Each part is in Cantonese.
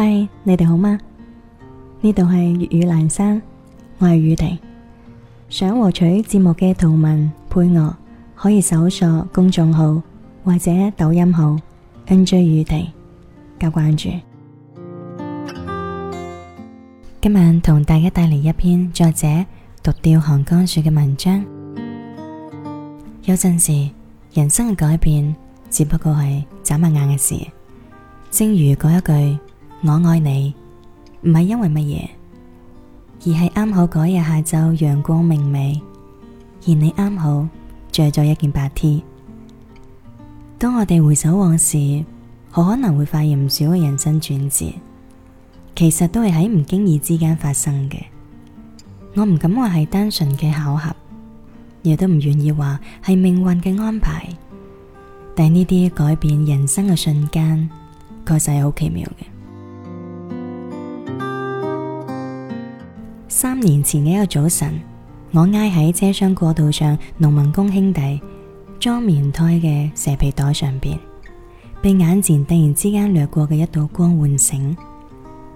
嗨，Hi, 你哋好嗎？呢度係粵語闌珊，我係宇婷，想獲取節目嘅圖文配樂，可以搜索公眾號或者抖音號 N J 宇婷」。加關注。今晚同大家帶嚟一篇作者獨釣寒江雪嘅文章。有陣時，人生嘅改變只不過係眨下眼嘅事，正如嗰一句。我愛你，唔係因為乜嘢，而係啱好嗰日下晝陽光明媚，而你啱好着咗一件白 T。當我哋回首往事，好可能會發現唔少嘅人生轉折，其實都係喺唔經意之間發生嘅。我唔敢話係單純嘅巧合，亦都唔願意話係命運嘅安排。但呢啲改變人生嘅瞬間，確實係好奇妙嘅。三年前嘅一個早晨，我挨喺車廂過道上，農民工兄弟裝棉胎嘅蛇皮袋上邊，被眼前突然之間掠過嘅一道光喚醒。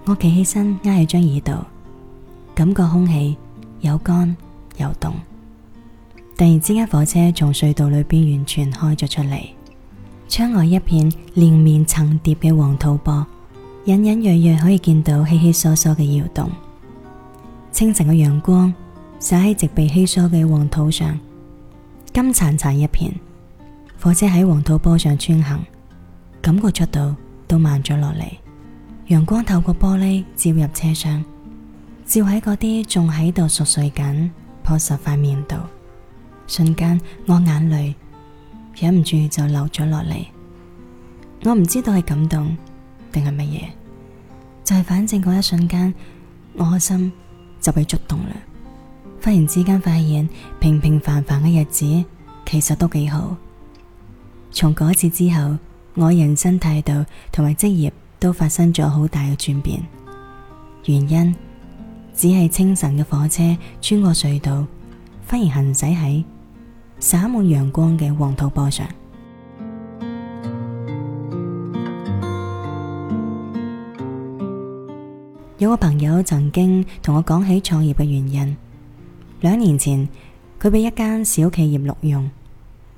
我企起身，挨喺張椅度，感覺空氣有乾有凍。突然之間，火車從隧道裏邊完全開咗出嚟，窗外一片連綿層疊嘅黃土坡，隱隱約約可以見到稀稀疏疏嘅窯洞。清晨嘅陽光灑喺植被稀疏嘅黃土上，金燦燦一片。火車喺黃土坡上穿行，感覺速度都慢咗落嚟。陽光透過玻璃照入車廂，照喺嗰啲仲喺度熟睡緊、樸實塊面度。瞬間，我眼淚忍唔住就流咗落嚟。我唔知道係感動定係乜嘢，就係、是、反正嗰一瞬間，我心。就被觸動啦！忽然之間發現平平凡凡嘅日子其實都幾好。從嗰次之後，我人生態度同埋職業都發生咗好大嘅轉變。原因只係清晨嘅火車穿過隧道，忽然行駛喺灑滿陽光嘅黃土坡上。有個朋友曾經同我講起創業嘅原因。兩年前，佢俾一間小企業錄用，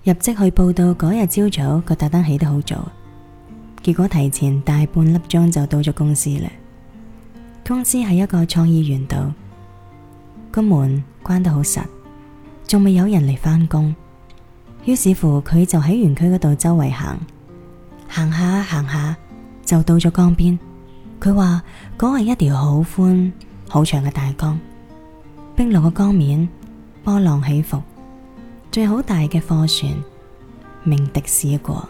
入職去報到嗰日朝早，佢特登起得好早，結果提前大半粒鐘就到咗公司啦。公司係一個創意園度，個門關得好實，仲未有人嚟返工，於是乎佢就喺園區嗰度周圍行，行下行下就到咗江邊。佢話嗰係一條好寬、好長嘅大江，冰冷嘅江面波浪起伏，最好大嘅貨船鳴笛駛過，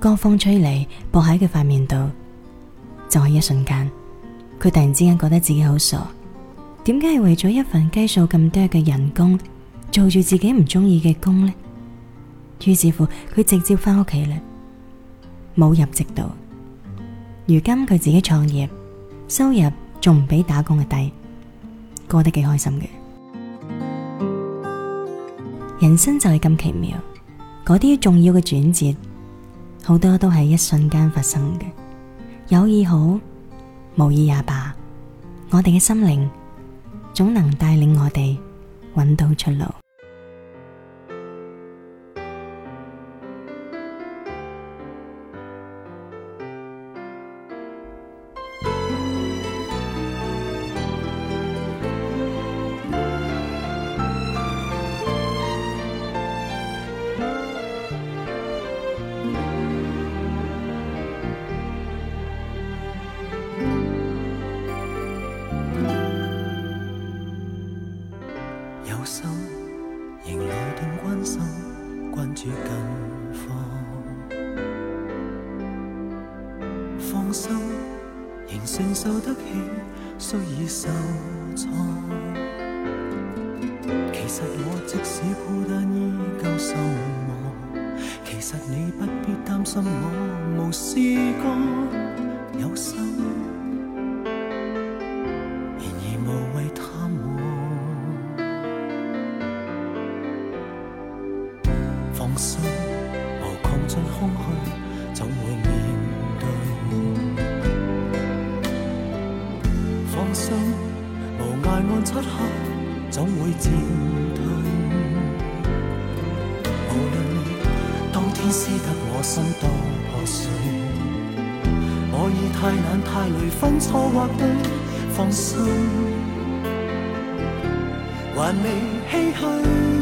江風吹嚟，薄喺佢塊面度。就喺、是、一瞬間，佢突然之間覺得自己好傻，點解係為咗一份雞碎咁多嘅人工，做住自己唔中意嘅工呢？於是乎，佢直接翻屋企啦，冇入職到。如今佢自己創業，收入仲唔比打工嘅低，過得幾開心嘅。人生就係咁奇妙，嗰啲重要嘅轉折，好多都係一瞬間發生嘅。有意好，無意也罷，我哋嘅心靈總能帶領我哋搵到出路。住近方，放心仍承受得起，雖已受創。其實我即使孤單，依舊心忙。其實你不必擔心我無事幹。放心，無抗盡空虛，總會面對。放心，無挨完漆黑，總會漸退。無論你當天撕得我心多破碎，我已太懶太累分錯或對，放心，還未唏噓。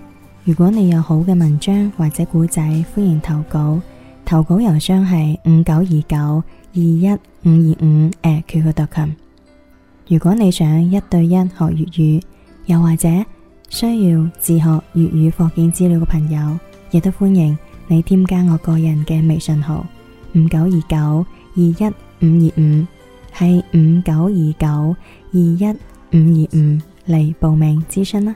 如果你有好嘅文章或者古仔，歡迎投稿。投稿郵箱係五九二九二一五二五 atqq.com。如果你想一對一學粵語，又或者需要自學粵語課件資料嘅朋友，亦都歡迎你添加我個人嘅微信號五九二九二一五二五，係五九二九二一五二五嚟報名諮詢啦。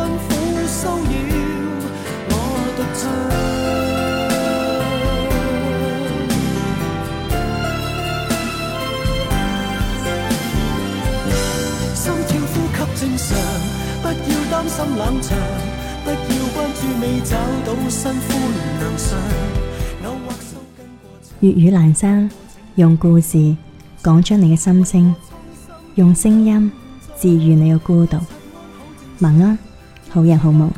粵語闌生用故事講出你嘅心聲，用聲音治愈你嘅孤獨。晚安，啊，好人好夢。